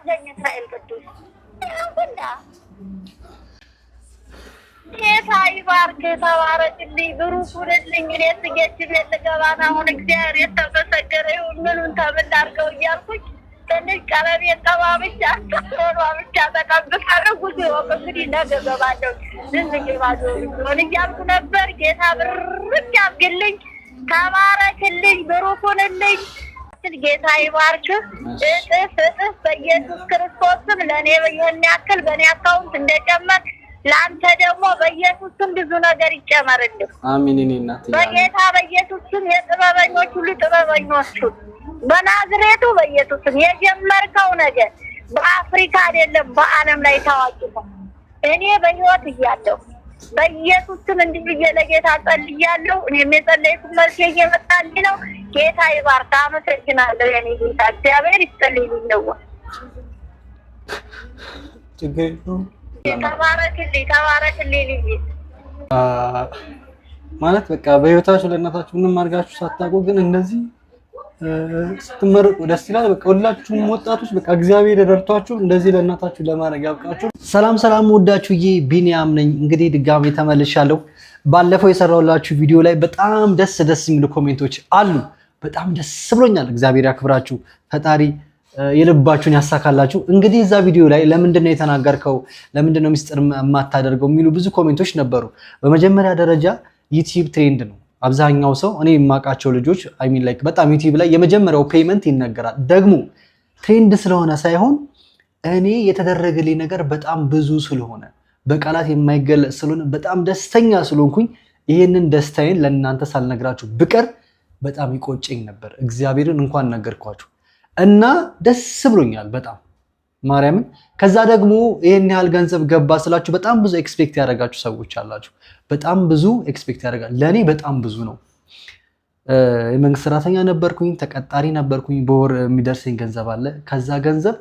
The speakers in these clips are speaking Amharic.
አግዘኝ እስራኤል ቅዱስ ያንኩና ጌታ ይባርክ። ተባረክልኝ፣ ብሩክ ሁንልኝ። እኔ ስጌች ቤት ልገባን አሁን እግዚአብሔር የተመሰገነ ይሁን። ምኑን ተምናርገው እያልኩኝ ትንሽ ቀለቤን ጠባብቻ ሆኗ ብቻ ተቀብታ ንጉስ ወቅ እንግዲህ ነገ ገባለሁ ዝንግባዞ ሆን እያልኩ ነበር። ጌታ ብርቅ ያርግልኝ፣ ተባረክልኝ፣ ብሩክ ሁንልኝ። ያክል ጌታ ይባርክ እጥፍ እጥፍ በኢየሱስ ክርስቶስም ለእኔ ይህን ያክል በእኔ አካውንት እንደጨመር ለአንተ ደግሞ በኢየሱስም ብዙ ነገር ይጨመርልህ። አሜን። እኔ እናት በጌታ በኢየሱስም የጥበበኞች ሁሉ ጥበበኞቹ በናዝሬቱ በኢየሱስም የጀመርከው ነገር በአፍሪካ አይደለም በዓለም ላይ ታዋቂ ነው። እኔ በህይወት እያለሁ በኢየሱስ ስም እንዲህ ብዬ ለጌታ ጸልያለሁ። እኔም የጸለይኩት መልስ እየመጣልኝ ነው። ጌታ ይባርክ። አመሰግናለሁ። የኔ ጌታ እግዚአብሔር ይጸልይልኝ ነው። ተባረክልኝ፣ ተባረክልኝ ልጅ ማለት በቃ በህይወታችሁ ለእናታችሁ ምንም አድርጋችሁ ሳታውቁ ግን እንደዚህ ስትመረቁ ደስ ይላል። በቃ ሁላችሁም ወጣቶች በቃ እግዚአብሔር ደርቷችሁ እንደዚህ ለእናታችሁ ለማድረግ ያብቃችሁ። ሰላም ሰላም፣ ወዳችሁ ይ ቢኒያም ነኝ። እንግዲህ ድጋሚ ተመልሻለሁ። ባለፈው የሰራሁላችሁ ቪዲዮ ላይ በጣም ደስ ደስ የሚሉ ኮሜንቶች አሉ። በጣም ደስ ብሎኛል። እግዚአብሔር ያክብራችሁ፣ ፈጣሪ የልባችሁን ያሳካላችሁ። እንግዲህ እዛ ቪዲዮ ላይ ለምንድን ነው የተናገርከው፣ ለምንድን ነው ሚስጥር የማታደርገው የሚሉ ብዙ ኮሜንቶች ነበሩ። በመጀመሪያ ደረጃ ዩቲዩብ ትሬንድ ነው አብዛኛው ሰው እኔ የማውቃቸው ልጆች አይሚን ላይክ በጣም ዩቲዩብ ላይ የመጀመሪያው ፔመንት ይነገራል። ደግሞ ትሬንድ ስለሆነ ሳይሆን እኔ የተደረገልኝ ነገር በጣም ብዙ ስለሆነ በቃላት የማይገለጽ ስለሆነ በጣም ደስተኛ ስለሆንኩኝ ይህንን ደስታዬን ለእናንተ ሳልነግራችሁ ብቀር በጣም ይቆጨኝ ነበር። እግዚአብሔርን እንኳን ነገርኳችሁ እና ደስ ብሎኛል በጣም ማርያምን ከዛ ደግሞ ይህን ያህል ገንዘብ ገባ ስላችሁ በጣም ብዙ ኤክስፔክት ያደረጋችሁ ሰዎች አላችሁ። በጣም ብዙ ኤክስፔክት ያደረጋችሁ፣ ለእኔ በጣም ብዙ ነው። የመንግስት ሰራተኛ ነበርኩኝ፣ ተቀጣሪ ነበርኩኝ። በወር የሚደርሰኝ ገንዘብ አለ። ከዛ ገንዘብ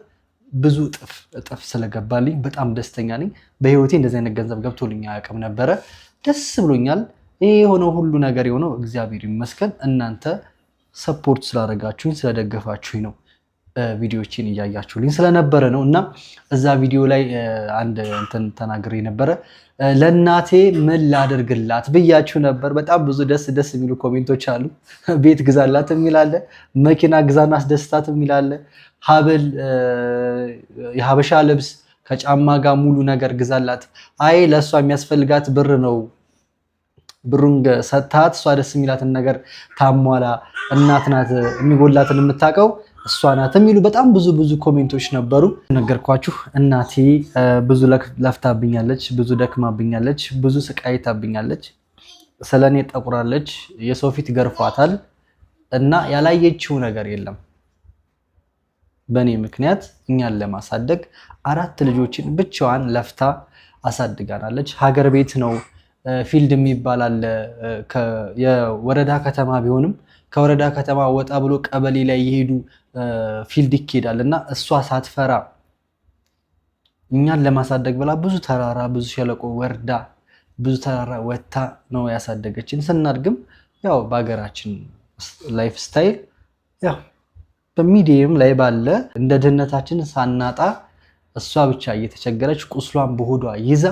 ብዙ እጥፍ እጥፍ ስለገባልኝ በጣም ደስተኛ ነኝ። በህይወቴ እንደዚህ አይነት ገንዘብ ገብቶልኝ አያውቅም ነበረ። ደስ ብሎኛል። ይህ የሆነው ሁሉ ነገር የሆነው እግዚአብሔር ይመስገን እናንተ ሰፖርት ስላደረጋችሁኝ ስለደገፋችሁኝ ነው። ቪዲዮችን እያያችሁልኝ ስለነበረ ነው እና እዛ ቪዲዮ ላይ አንድ እንትን ተናግሬ ነበረ። ለእናቴ ምን ላደርግላት ብያችሁ ነበር። በጣም ብዙ ደስ ደስ የሚሉ ኮሜንቶች አሉ። ቤት ግዛላት የሚላለ፣ መኪና ግዛና አስደስታት የሚላለ፣ ሀብል፣ የሀበሻ ልብስ ከጫማ ጋር ሙሉ ነገር ግዛላት። አይ ለእሷ የሚያስፈልጋት ብር ነው ብሩን ሰታት እሷ ደስ የሚላትን ነገር ታሟላ። እናት ናት የሚጎላትን የምታውቀው እሷ ናት የሚሉ በጣም ብዙ ብዙ ኮሜንቶች ነበሩ። ነገርኳችሁ፣ እናቴ ብዙ ለፍታብኛለች፣ ብዙ ደክማብኛለች፣ ብዙ ስቃይታብኛለች፣ ስለ እኔ ጠቁራለች፣ የሰው ፊት ገርፏታል እና ያላየችው ነገር የለም። በእኔ ምክንያት እኛን ለማሳደግ አራት ልጆችን ብቻዋን ለፍታ አሳድጋናለች። ሀገር ቤት ነው ፊልድ የሚባል አለ የወረዳ ከተማ ቢሆንም ከወረዳ ከተማ ወጣ ብሎ ቀበሌ ላይ የሄዱ ፊልድ ይኬዳል እና እሷ ሳትፈራ እኛን ለማሳደግ ብላ ብዙ ተራራ ብዙ ሸለቆ ወርዳ ብዙ ተራራ ወታ ነው ያሳደገችን። ስናድግም ያው በሀገራችን ላይፍ ስታይል ያው በሚዲየም ላይ ባለ እንደ ድህነታችን ሳናጣ እሷ ብቻ እየተቸገረች ቁስሏን በሆዷ ይዛ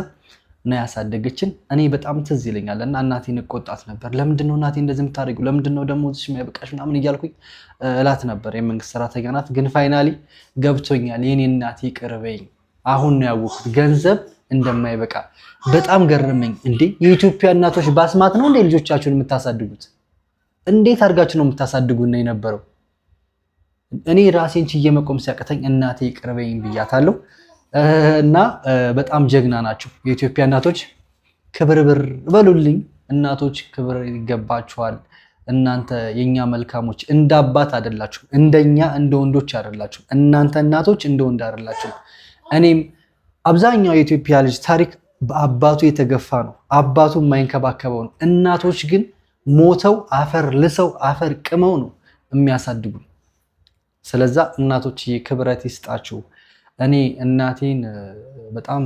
ነው ያሳደገችን። እኔ በጣም ትዝ ይለኛል እና እናቴን እቆጣት ነበር። ለምንድነው እናቴ እንደዚህ የምታደርጊው? ለምንድነው ደግሞ የሚያበቃሽ ምናምን እያልኩኝ እላት ነበር። የመንግስት ሰራተኛ ናት፣ ግን ፋይናሊ ገብቶኛል። የኔ እናቴ ቅርበኝ አሁን ነው ያወቅኩት ገንዘብ እንደማይበቃ በጣም ገረመኝ። እንዴ የኢትዮጵያ እናቶች ባስማት ነው እንዴ ልጆቻችሁን የምታሳድጉት? እንዴት አድርጋችሁ ነው የምታሳድጉና የነበረው እኔ ራሴን ችዬ መቆም ሲያቅተኝ እናቴ ቅርበኝ ብያታለሁ። እና በጣም ጀግና ናቸው የኢትዮጵያ እናቶች። ክብር ብር በሉልኝ እናቶች፣ ክብር ይገባችኋል። እናንተ የኛ መልካሞች እንደ አባት አይደላችሁ፣ እንደኛ እንደ ወንዶች አደላችሁ። እናንተ እናቶች እንደ ወንድ አደላችሁ። እኔም አብዛኛው የኢትዮጵያ ልጅ ታሪክ በአባቱ የተገፋ ነው፣ አባቱ የማይንከባከበው ነው። እናቶች ግን ሞተው አፈር ልሰው አፈር ቅመው ነው የሚያሳድጉ። ስለዛ እናቶች ክብረት ይስጣችሁ። እኔ እናቴን በጣም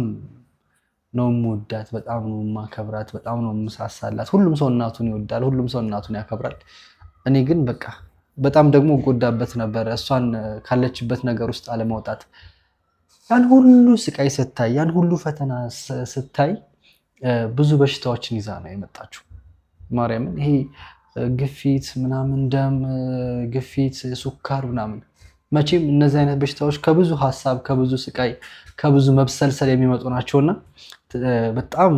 ነው የምወዳት፣ በጣም ነው የማከብራት፣ በጣም ነው የምሳሳላት። ሁሉም ሰው እናቱን ይወዳል፣ ሁሉም ሰው እናቱን ያከብራል። እኔ ግን በቃ በጣም ደግሞ ጎዳበት ነበረ እሷን ካለችበት ነገር ውስጥ አለመውጣት። ያን ሁሉ ስቃይ ስታይ፣ ያን ሁሉ ፈተና ስታይ ብዙ በሽታዎችን ይዛ ነው የመጣችው። ማርያምን ይሄ ግፊት ምናምን፣ ደም ግፊት፣ ሱካር ምናምን መቼም እነዚህ አይነት በሽታዎች ከብዙ ሀሳብ፣ ከብዙ ስቃይ፣ ከብዙ መብሰልሰል የሚመጡ ናቸውና በጣም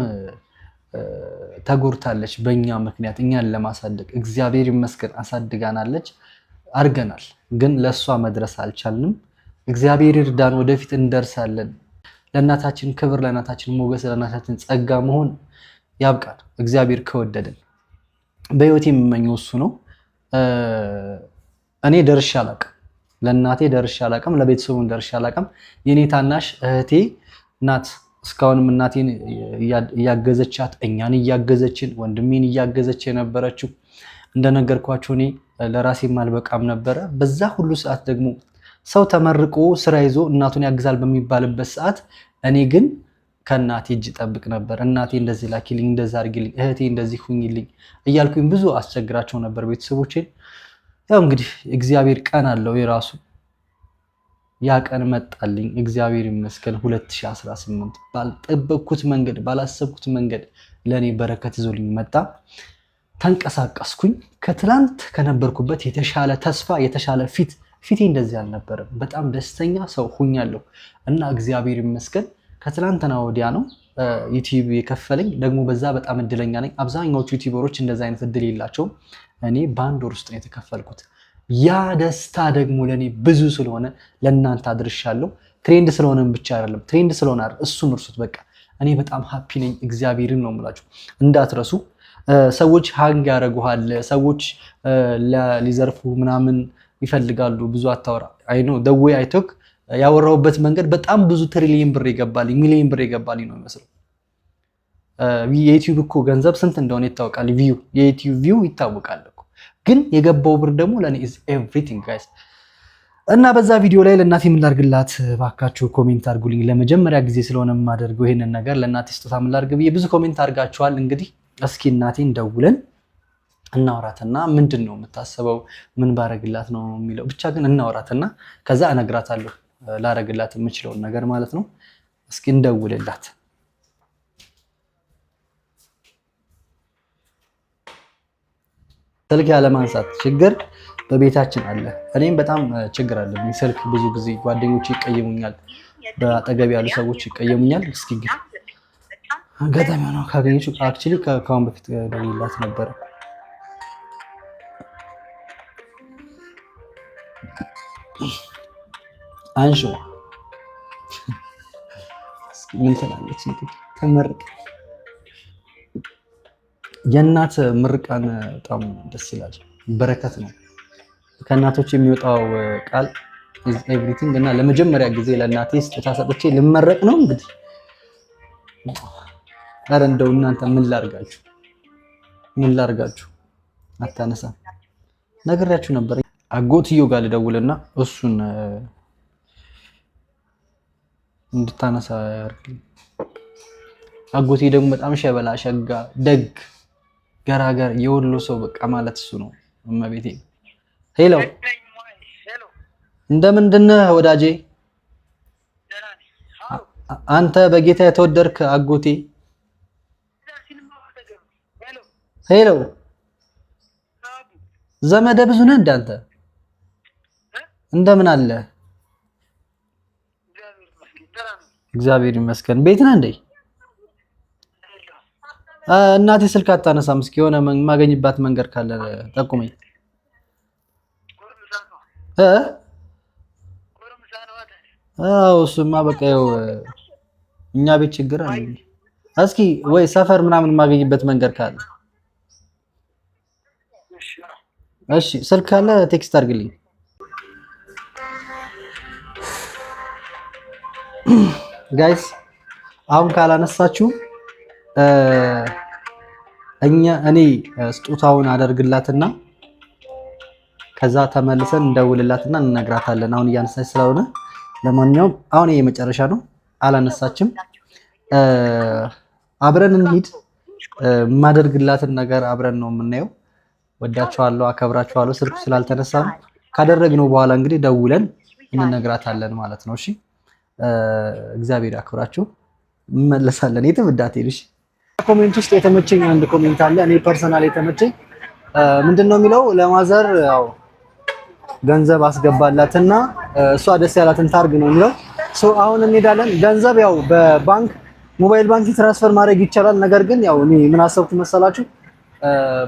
ተጎድታለች። በእኛ ምክንያት እኛን ለማሳደግ እግዚአብሔር ይመስገን አሳድጋናለች፣ አድርገናል። ግን ለእሷ መድረስ አልቻልንም። እግዚአብሔር ይርዳን፣ ወደፊት እንደርሳለን። ለእናታችን ክብር፣ ለእናታችን ሞገስ፣ ለእናታችን ጸጋ መሆን ያብቃል። እግዚአብሔር ከወደደን በህይወት የምመኘው እሱ ነው። እኔ ደርሼ አላውቅም። ለእናቴ ደርሼ ላቀም ለቤተሰቡን ደርሼ አላውቅም። የኔ ታናሽ እህቴ ናት እስካሁንም እናቴን እያገዘቻት እኛን እያገዘችን ወንድሜን እያገዘች የነበረችው። እንደነገርኳቸው እኔ ለራሴ ማልበቃም ነበረ። በዛ ሁሉ ሰዓት ደግሞ ሰው ተመርቆ ስራ ይዞ እናቱን ያግዛል በሚባልበት ሰዓት እኔ ግን ከእናቴ እጅ ጠብቅ ነበር። እናቴ እንደዚህ ላኪልኝ፣ እንደዛ አርጊልኝ፣ እህቴ እንደዚህ ሁኝልኝ እያልኩኝ ብዙ አስቸግራቸው ነበር ቤተሰቦቼን። ያው እንግዲህ እግዚአብሔር ቀን አለው የራሱ። ያ ቀን መጣልኝ እግዚአብሔር ይመስገን። 2018 ባልጠበቅኩት መንገድ ባላሰብኩት መንገድ ለእኔ በረከት ይዞልኝ መጣ። ተንቀሳቀስኩኝ። ከትላንት ከነበርኩበት የተሻለ ተስፋ የተሻለ ፊት ፊቴ እንደዚህ አልነበረም። በጣም ደስተኛ ሰው ሁኛለሁ እና እግዚአብሔር ይመስገን ከትላንትና ወዲያ ነው ዩቲዩብ የከፈለኝ ደግሞ በዛ በጣም እድለኛ ነኝ። አብዛኛዎቹ ዩቲዩበሮች እንደዚ አይነት እድል የላቸውም። እኔ በአንድ ወር ውስጥ ነው የተከፈልኩት። ያ ደስታ ደግሞ ለእኔ ብዙ ስለሆነ ለእናንተ አድርሻለሁ። ትሬንድ ስለሆነም ብቻ አይደለም፣ ትሬንድ ስለሆነ እሱን እርሱት። በቃ እኔ በጣም ሀፒ ነኝ። እግዚአብሔርን ነው የምላችሁ። እንዳትረሱ። ሰዎች ሀንግ ያደረጉሃል፣ ሰዎች ሊዘርፉ ምናምን ይፈልጋሉ። ብዙ አታወራ። አይ ነው ደዌ አይቶክ ያወራሁበት መንገድ በጣም ብዙ ትሪሊየን ብር ይገባልኝ ሚሊየን ብር ይገባልኝ ነው የሚመስለው። የዩቲዩብ እኮ ገንዘብ ስንት እንደሆነ ይታወቃል። ቪው የዩቲዩብ ቪው ይታወቃል እኮ ግን የገባው ብር ደግሞ ለእኔ ኢዝ ኤቭሪቲንግ ጋይስ። እና በዛ ቪዲዮ ላይ ለእናቴ ምን ላድርግላት ባካችሁ ኮሜንት አድርጉልኝ። ለመጀመሪያ ጊዜ ስለሆነ የማደርገው ይሄንን ነገር ለእናቴ ስጦታ ምን ላድርግ ብዬ ብዙ ኮሜንት አድርጋችኋል። እንግዲህ እስኪ እናቴ እንደውለን እናውራትና ምንድን ነው የምታስበው ምን ባረግላት ነው የሚለው ብቻ ግን እናውራትና ከዛ እነግራታለሁ። ላረግላት የምችለውን ነገር ማለት ነው። እስኪ እንደውልላት። ስልክ ያለማንሳት ችግር በቤታችን አለ። እኔም በጣም ችግር አለብኝ። ስልክ ብዙ ጊዜ ጓደኞች ይቀየሙኛል፣ በአጠገብ ያሉ ሰዎች ይቀየሙኛል። እስኪ ግን አጋጣሚ ሆነ ካገኘች አክቹዋሊ ከአሁን በፊት ደውላት ነበረ ነበር አንሺ ምን ትላለች? ከምርቅ የእናት ምርቃን በጣም ደስ ይላል፣ በረከት ነው። ከእናቶች የሚወጣው ቃል ኢዝ ኤቭሪቲንግ እና ለመጀመሪያ ጊዜ ለእናቴ ስጦታ ሰጥቼ ልመረቅ ነው እንግዲህ። ኧረ እንደው እናንተ ምን ላርጋችሁ? ምን ላርጋችሁ? አታነሳም። ነግሬያችሁ ነበር። አጎትዮ ጋር ልደውልና እሱን እንድታነሳ ያርግልኝ። አጎቴ ደግሞ በጣም ሸበላ፣ ሸጋ፣ ደግ፣ ገራገር የወሎ ሰው በቃ ማለት እሱ ነው። እመቤቴ ሄሎ፣ እንደምንድነህ ወዳጄ? አንተ በጌታ የተወደድክ አጎቴ። ሄሎ፣ ዘመደ ብዙ ነህ እንዳንተ እንደምን አለህ? እግዚአብሔር ይመስገን። ቤት ነህ እንዴ? እናቴ ስልክ አታነሳም። እስኪ የሆነ የማገኝባት መንገድ ካለ ጠቁመኝ። አዎ እሱማ በቃ ይኸው እኛ ቤት ችግር አለ። እስኪ ወይ ሰፈር ምናምን የማገኝበት መንገድ ካለ እሺ። ስልክ ካለ ቴክስት አድርግልኝ። ጋይስ አሁን ካላነሳችሁ እኛ እኔ ስጦታውን አደርግላትና ከዛ ተመልሰን እንደውልላትና እንነግራታለን። አሁን እያነሳች ስለሆነ ለማንኛውም አሁን ይሄ የመጨረሻ ነው። አላነሳችም። አብረን እንሂድ። የማደርግላትን ነገር አብረን ነው የምናየው። ወዳችኋለሁ፣ አከብራችኋለሁ። ስልኩ ስላልተነሳ ነው። ካደረግነው በኋላ እንግዲህ ደውለን እንነግራታለን ማለት ነው። እሺ እግዚአብሔር ያክብራችሁ። እመለሳለን። የትም እንዳትሄዱ። ኮሜንት ውስጥ የተመቸኝ አንድ ኮሜንት አለ። እኔ ፐርሰናል የተመቸኝ ምንድን ነው የሚለው ለማዘር ያው ገንዘብ አስገባላትና እሷ ደስ ያላትን ታርግ ነው የሚለው። ሶ አሁን እንሄዳለን። ገንዘብ ያው በባንክ ሞባይል ባንክ ትራንስፈር ማድረግ ይቻላል። ነገር ግን ያው እኔ ምን አሰብኩ መሰላችሁ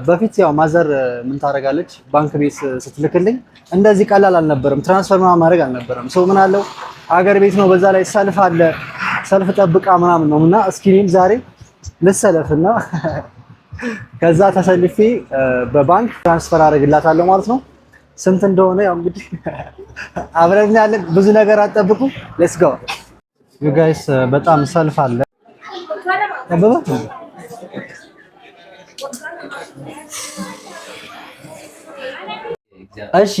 በፊት ያው ማዘር ምን ታደርጋለች ባንክ ቤት ስትልክልኝ እንደዚህ ቀላል አልነበረም። ትራንስፈር ምናምን ማድረግ አልነበረም። ሰው ምን አለው አገር ቤት ነው፣ በዛ ላይ ሰልፍ አለ፣ ሰልፍ ጠብቃ ምናምን ነው እና እስኪ እኔም ዛሬ ልሰለፍና ከዛ ተሰልፌ በባንክ ትራንስፈር አደርግላታለሁ ማለት ነው። ስንት እንደሆነ ያው እንግዲህ አብረን ያለን ብዙ ነገር አጠብቁ። ሌትስ ጎ ዩ ጋይስ። በጣም ሰልፍ አለ። እሺ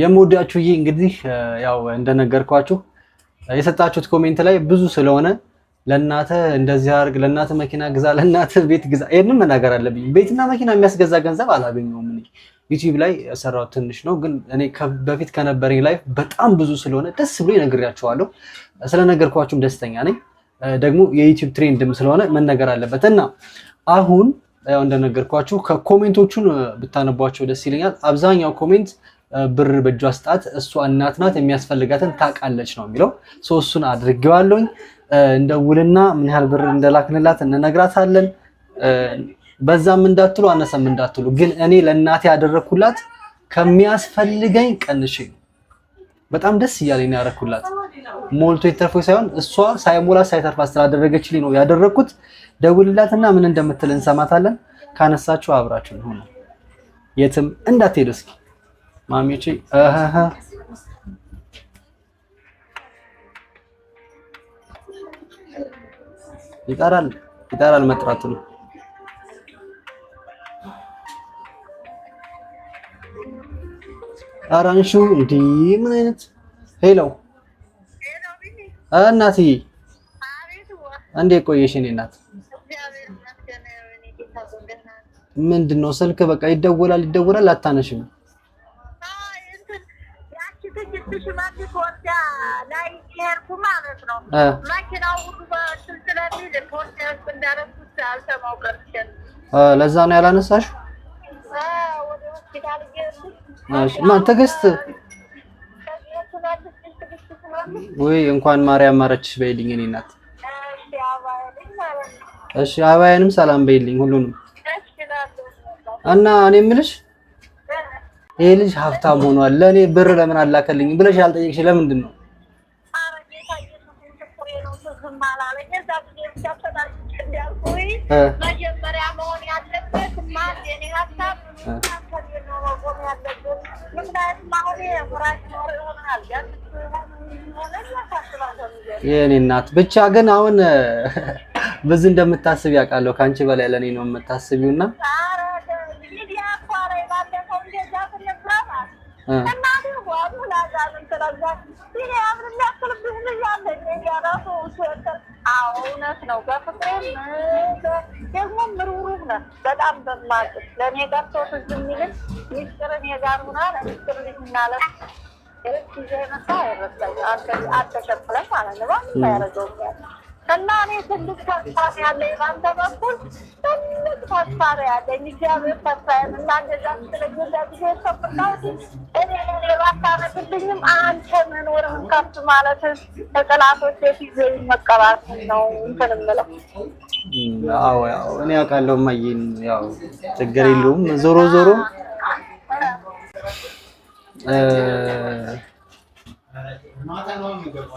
የምወዳችሁ ይህ እንግዲህ ያው እንደነገርኳችሁ የሰጣችሁት ኮሜንት ላይ ብዙ ስለሆነ ለእናተ እንደዚህ አድርግ፣ ለእናተ መኪና ግዛ፣ ለእናተ ቤት ግዛ፣ ይህንን መናገር አለብኝ። ቤትና መኪና የሚያስገዛ ገንዘብ አላገኘውም። ዩቲዩብ ላይ የሰራው ትንሽ ነው፣ ግን እኔ በፊት ከነበረኝ ላይ በጣም ብዙ ስለሆነ ደስ ብሎ ይነግሪያቸዋለሁ። ስለነገርኳችሁም ደስተኛ ነኝ። ደግሞ የዩቲዩብ ትሬንድም ስለሆነ መነገር አለበት እና አሁን ያው እንደነገርኳችሁ ከኮሜንቶቹን ብታነቧቸው ደስ ይለኛል። አብዛኛው ኮሜንት ብር በእጇ ስጣት፣ እሷ እናት ናት፣ የሚያስፈልጋትን ታውቃለች ነው የሚለው። ሰው እሱን አድርጌዋለሁኝ። እንደውልና ምን ያህል ብር እንደላክንላት እንነግራታለን። በዛም እንዳትሉ አነሰም እንዳትሉ፣ ግን እኔ ለእናቴ ያደረግኩላት ከሚያስፈልገኝ ቀንሽ በጣም ደስ እያለኝ ነው ያደረግኩላት። ሞልቶ የተርፎ ሳይሆን እሷ ሳይሞላ ሳይተርፋ ስላደረገችልኝ ነው ያደረግኩት። ደውልላትና ምን እንደምትል እንሰማታለን። ካነሳችሁ አብራችሁ ሆነ የትም እንዳትሄዱ። እስኪ ማሚቼ አሃሃ ይጠራል ይጠራል መጥራቱ ነው። አራንሹ እንዲ ምን አይነት ሄሎ እናትዬ፣ እንዴ ቆየሽ? እኔ እናት ምንድን ነው ስልክ በቃ ይደወላል ይደወላል፣ አታነሽም። ለዛ ነው ያላነሳሽ። ትዕግስት ወይ እንኳን ማርያም ማረችሽ በይልኝ። እኔ እናት እሺ፣ አባዬንም ሰላም በይልኝ ሁሉንም እና እኔ የምልሽ ይሄ ልጅ ሀብታም ሆኗል፣ ለእኔ ብር ለምን አላከልኝ ብለሽ ያልጠየቅሽ ለምንድን ነው? መጀመሪያ እናት ብቻ ግን አሁን ብዙ እንደምታስብ ያውቃለሁ። ከአንቺ በላይ ለእኔ ነው የምታስቢው እና እውነት ነው። በፍቅሬም ደግሞ ምሩሩም ነው በጣም በማቅ ለእኔ ጋር ትዝ የሚልም ሚስጥር እኔ ጋር ሁና ለሚስጥር ልጅ እናለት ጊዜ መሳ አይረሳኝ አልተሸፈለም ማለት ነው ያረገውኛል እና እኔ ትልቅ ተስፋ ነው ያለኝ በአንተ በኩል ትልቅ ተስፋ ነው ያለኝ። እግዚአብሔር ተስፋዬን እና እንደዛ ስትለግለ ጊዜ ሰብርታውት እኔ እኔ ባታረግልኝም አንተ መኖርህን ከብት ማለትን ከጠላቶች የፊት መቀባትን ነው እንትን የምለው። አዎ ያው እኔ አውቃለሁ እማዬን፣ ያው ችግር የለውም ዞሮ ዞሮ ማታ ነው የሚገባ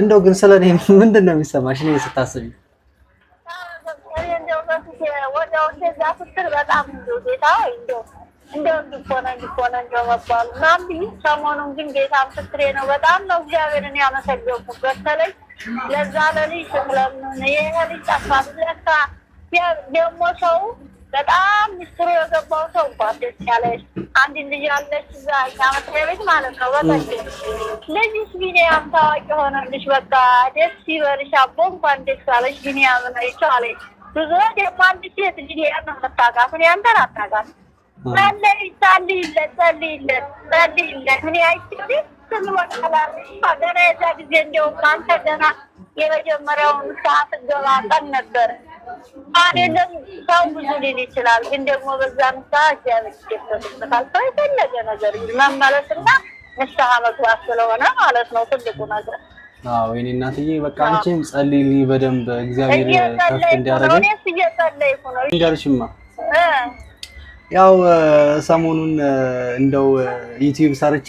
እንደው ግን ስለ እኔ ምንድን ነው የሚሰማሽ? እኔ ስታስቢ ለዛ ለልጅ ስለምን ይሄ ልጅ ጠፋ። ደግሞ ሰው በጣም ሚስጥሩ የገባው ሰው እንኳን ደስ ያለሽ። አንድ ልጅ አለች እዛ መጠያ ቤት ማለት ነው። በታች ልጅሽ ቢኒያም ታዋቂ ሆነልሽ፣ በቃ ደስ ይበልሽ። አቦ እንኳን ደስ አለሽ ቢኒያም ናቸው አለኝ። ብዙ ደግሞ ሴት ቢኒያም ነው የምታውቃት፣ እኔ አንተን አታውቃት። ጸልይለት፣ ጸልይለት፣ ጸልይለት ምን ያይችልኝ ሀገር የዛ ጊዜ እንዲያው ከአንተ ገና የመጀመሪያውን ሰዓት ገባ ቀን ነበር። አይደለም ሰው ብዙ ሊል ይችላል፣ ግን ደግሞ በዛም ሰዓት ያበስበታል። ሰው የፈለገ ነገር መመለስና ንስሐ መግባት ስለሆነ ማለት ነው ትልቁ ነገር። አዎ የኔ እናትዬ በቃ አንቺም ጸልይልኝ በደንብ እግዚአብሔር ከፍ እንዲያደርገኝ እንዳልሽማ ያው ሰሞኑን እንደው ዩቲዩብ ሰርቼ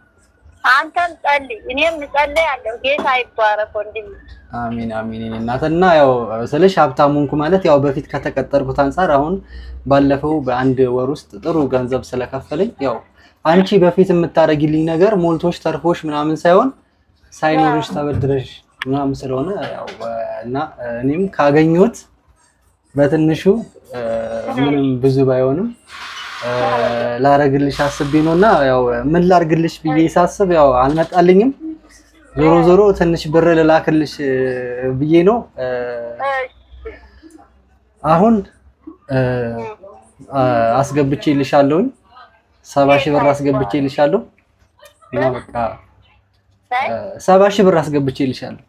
አንተም ጸልይ፣ እኔም ጸልይ አለው። ጌታ ይባረክ ወንድሜ። አሚን አሚን። እናት ያው ስልሽ ሀብታሙንኩ ማለት ያው በፊት ከተቀጠርኩት አንጻር አሁን ባለፈው በአንድ ወር ውስጥ ጥሩ ገንዘብ ስለከፈለኝ ያው አንቺ በፊት የምታደርጊልኝ ነገር ሞልቶሽ ተርፎሽ ምናምን ሳይሆን ሳይኖርሽ ተበድረሽ ምናምን ስለሆነ ያው እና እኔም ካገኘሁት በትንሹ ምንም ብዙ ባይሆንም ላረግልሽ አስቤ ነው እና ያው ምን ላርግልሽ ብዬ ሳስብ ያው አልመጣልኝም። ዞሮ ዞሮ ትንሽ ብር ልላክልሽ ብዬ ነው። አሁን አስገብቼ ልሻለሁኝ፣ ሰባ ሺህ ብር አስገብቼ ልሻለሁ እና በቃ ሰባ ሺህ ብር አስገብቼ ልሻለሁ።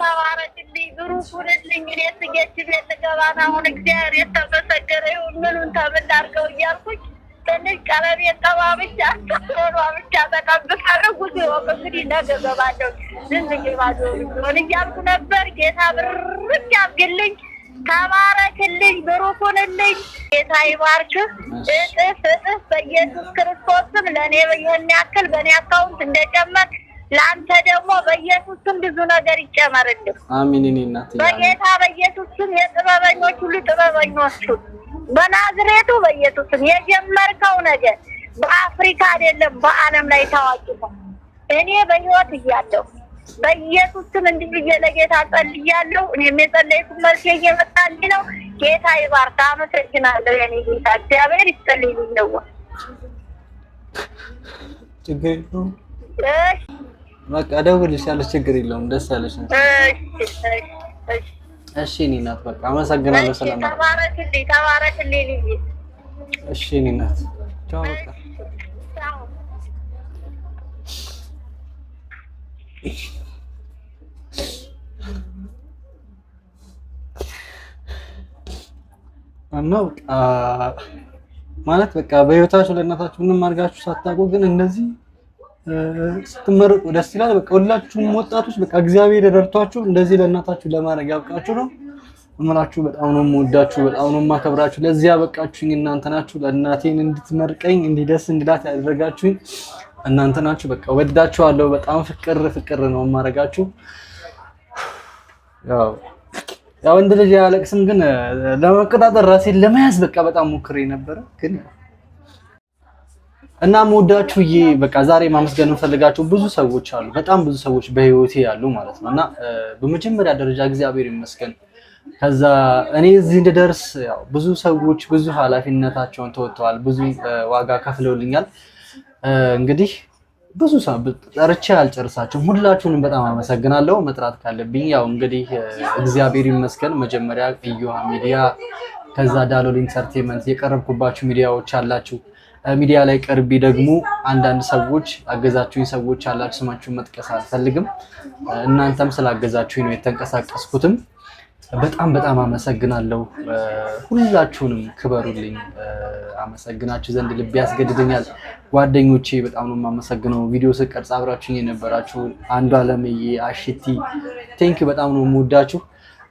ተባረችልኝ፣ ብሩክ ሁንልኝ። እኔ ስጌች ቤት ልገባን አሁን እግዚአብሔር የተመሰገነ ይሁን። ምኑን እያልኩኝ ትንሽ ብቻ ወቅ እንግዲህ ነገ ሆን እያልኩ ነበር። ጌታ ብርቅ ያድርግልኝ፣ ተባረክልኝ፣ ብሩክ ሁንልኝ። ጌታ እጥፍ እጥፍ በኢየሱስ ክርስቶስም ለእኔ ይህን ያክል በእኔ አካውንት እንደጨመቅ ለአንተ ደግሞ በኢየሱስ ስም ብዙ ነገር ይጨመርልህ። አሚን። እኔ እናት በጌታ በኢየሱስ ስም የጥበበኞች ሁሉ ጥበበኞቹ በናዝሬቱ በኢየሱስ ስም የጀመርከው ነገር በአፍሪካ አይደለም በዓለም ላይ ታዋቂ ነው። እኔ በህይወት እያለሁ በኢየሱስ ስም እንዲህ ብዬ ለጌታ ጸልያለሁ። እኔም የጸለይኩት መልስ እየመጣልኝ ነው። ጌታ ይባርክ። አመሰግናለሁ። የኔ ጌታ እግዚአብሔር ይጸልይልኝ ነው። ችግር የለውም። እሺ በቃ እደውልልሻለሁ፣ ችግር የለውም። ደስ ያለሽ ነው። እሺ እኔ ናት። በቃ አመሰግናለሁ። ሰላም እሺ እኔ ናት። ቻው በቃ እና ማለት በቃ በህይወታችሁ ለእናታችሁ ምንም አድርጋችሁ ሳታውቁ ግን እንደዚህ ስትመረቁ ደስ ይላል። በቃ ሁላችሁም ወጣቶች በቃ እግዚአብሔር ረድቷችሁ እንደዚህ ለእናታችሁ ለማድረግ ያብቃችሁ ነው እምላችሁ። በጣም ነው የምወዳችሁ፣ በጣም ነው የማከብራችሁ። ለዚህ ያበቃችሁኝ እናንተ ናችሁ። ለእናቴን እንድትመርቀኝ እንዲደስ እንድላት ያደረጋችሁኝ እናንተ ናችሁ። በቃ ወዳችኋለሁ። በጣም ፍቅር ፍቅር ነው የማደርጋችሁ። ያው ያው እንደ ልጅ ግን ለመቆጣጠር ራሴን ለመያዝ በቃ በጣም ሞክሬ ነበረ ግን እና ወዳችሁዬ በቃ ዛሬ ማመስገን የምፈልጋቸው ብዙ ሰዎች አሉ። በጣም ብዙ ሰዎች በህይወቴ ያሉ ማለት ነው። እና በመጀመሪያ ደረጃ እግዚአብሔር ይመስገን። ከዛ እኔ እዚህ እንድደርስ ያው ብዙ ሰዎች ብዙ ኃላፊነታቸውን ተወጥተዋል፣ ብዙ ዋጋ ከፍለውልኛል። እንግዲህ ብዙ ጠርቼ አልጨርሳቸውም። ሁላችሁንም በጣም አመሰግናለሁ። መጥራት ካለብኝ ያው እንግዲህ እግዚአብሔር ይመስገን መጀመሪያ እዮሃ ሚዲያ፣ ከዛ ዳሎል ኢንተርቴንመንት የቀረብኩባችሁ ሚዲያዎች አላችሁ ሚዲያ ላይ ቀርቢ ደግሞ አንዳንድ ሰዎች አገዛችሁኝ ሰዎች አላችሁ። ስማችሁን መጥቀስ አልፈልግም። እናንተም ስላገዛችሁኝ ነው የተንቀሳቀስኩትም። በጣም በጣም አመሰግናለሁ። ሁላችሁንም ክበሩልኝ። አመሰግናችሁ ዘንድ ልብ ያስገድደኛል። ጓደኞቼ በጣም ነው የማመሰግነው። ቪዲዮ ስቀርጽ አብራችሁኝ የነበራችሁ አንዱ አለምዬ፣ አሽቲ ቴንክ በጣም ነው የምወዳችሁ።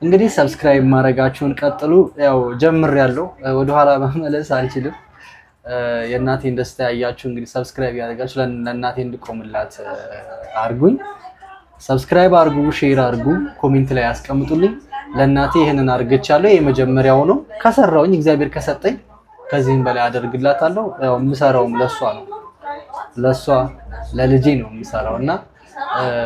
እንግዲህ ሰብስክራይብ ማድረጋችሁን ቀጥሉ። ያው ጀምር ያለው ወደኋላ መመለስ አልችልም። የእናቴን ደስታ ያያችሁ እንግዲህ ሰብስክራይብ ያደርጋችሁ ለእናቴ እንድቆምላት አርጉኝ። ሰብስክራይብ አርጉ፣ ሼር አርጉ፣ ኮሜንት ላይ ያስቀምጡልኝ። ለእናቴ ይህንን አርግቻለሁ። የመጀመሪያው ነው። ከሰራውኝ እግዚአብሔር ከሰጠኝ ከዚህም በላይ አደርግላታለሁ። ያው የምሰራውም ለእሷ ነው፣ ለእሷ ለልጄ ነው የምሰራው እና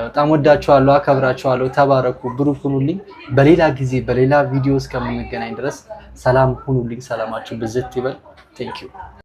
በጣም ወዳችኋለሁ፣ አከብራችኋለሁ። ተባረኩ፣ ብሩክ ሁኑልኝ። በሌላ ጊዜ በሌላ ቪዲዮ እስከምንገናኝ ድረስ ሰላም ሁኑልኝ። ሰላማችሁ ብዝት ይበል። ቴንኪዩ